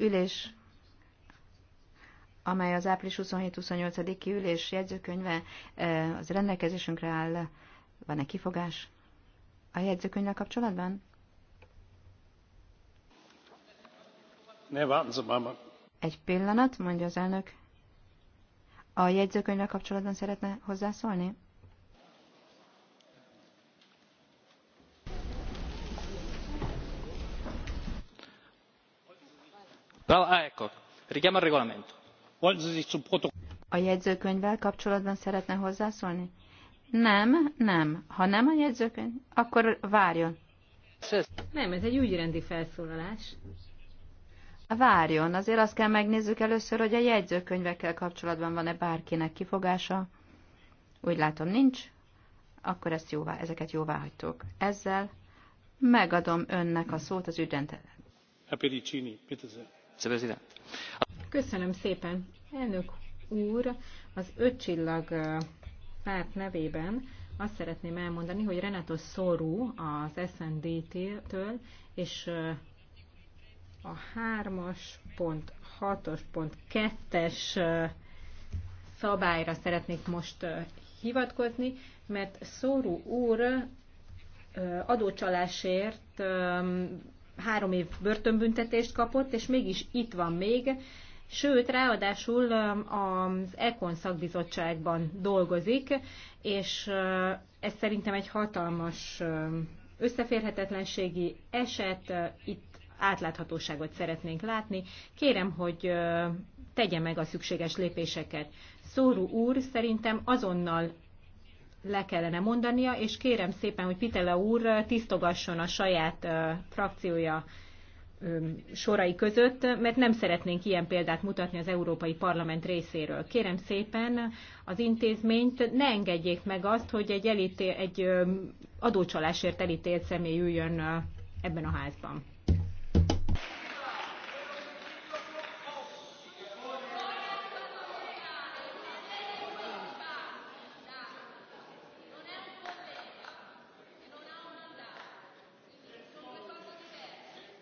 ülés, amely az április 27-28-i ülés jegyzőkönyve, az rendelkezésünkre áll. Van-e kifogás a jegyzőkönyvvel kapcsolatban? Ne Egy pillanat, mondja az elnök. A jegyzőkönyvvel kapcsolatban szeretne hozzászólni? Ah, a jegyzőkönyvvel kapcsolatban szeretne hozzászólni? Nem, nem. Ha nem a jegyzőkönyv, akkor várjon. Nem, ez egy ügyrendi felszólalás. Várjon, azért azt kell megnézzük először, hogy a jegyzőkönyvekkel kapcsolatban van-e bárkinek kifogása. Úgy látom, nincs. Akkor ezt jóvá, ezeket jóvá hagytuk. Ezzel megadom önnek a szót az ügyrendet. Herr mit bitte Köszönöm szépen. Elnök úr, az ötcsillag párt nevében azt szeretném elmondani, hogy Renato Szorú az SND-től, és a 3-as pont, 6-os pont, 2-es szabályra szeretnék most hivatkozni, mert Szorú úr adócsalásért három év börtönbüntetést kapott, és mégis itt van még, sőt, ráadásul az Econ szakbizottságban dolgozik, és ez szerintem egy hatalmas összeférhetetlenségi eset, itt átláthatóságot szeretnénk látni. Kérem, hogy tegye meg a szükséges lépéseket. Szóru úr szerintem azonnal le kellene mondania, és kérem szépen, hogy Pitele úr tisztogasson a saját frakciója sorai között, mert nem szeretnénk ilyen példát mutatni az Európai Parlament részéről. Kérem szépen az intézményt, ne engedjék meg azt, hogy egy, elítél, egy adócsalásért elítélt személy üljön ebben a házban.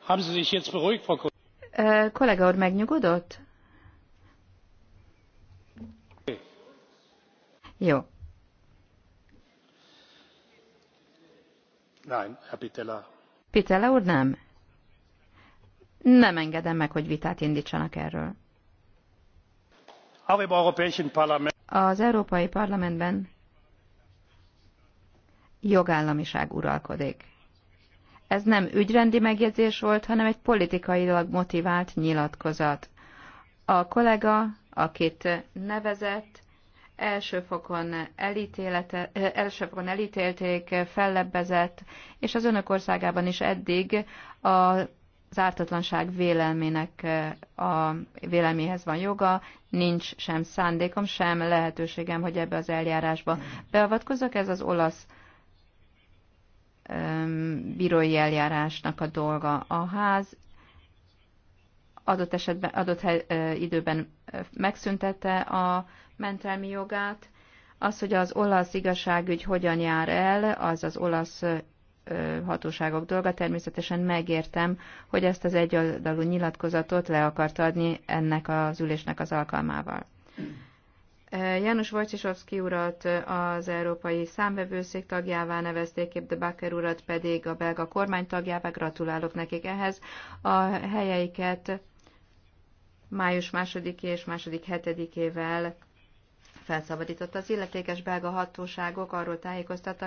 haben sie sich jetzt beruhigt frau kollegin? kollega úr megnyugodott? jó. Nein, Herr Pitella. Pitella úr nem. Nem engedem meg, hogy vitát indítsanak erről. Az Európai Parlamentben jogállamiság uralkodik. Ez nem ügyrendi megjegyzés volt, hanem egy politikailag motivált nyilatkozat. A kollega, akit nevezett, első fokon, első fokon elítélték, fellebbezett, és az önök országában is eddig a az ártatlanság vélelmének a véleméhez van joga, nincs sem szándékom, sem lehetőségem, hogy ebbe az eljárásba beavatkozzak. Ez az olasz bírói eljárásnak a dolga. A ház adott esetben, adott időben megszüntette a mentelmi jogát. Az, hogy az olasz igazságügy hogyan jár el, az az olasz hatóságok dolga. Természetesen megértem, hogy ezt az egyoldalú nyilatkozatot le akart adni ennek az ülésnek az alkalmával. Eh, János Wojciechowski urat eh, az Európai Számbevőszék tagjává nevezték, de Bakker urat pedig a belga kormány tagjává. Gratulálok nekik ehhez. A helyeiket május második és második hetedikével felszabadította. Az illetékes belga hatóságok arról tájékoztattak,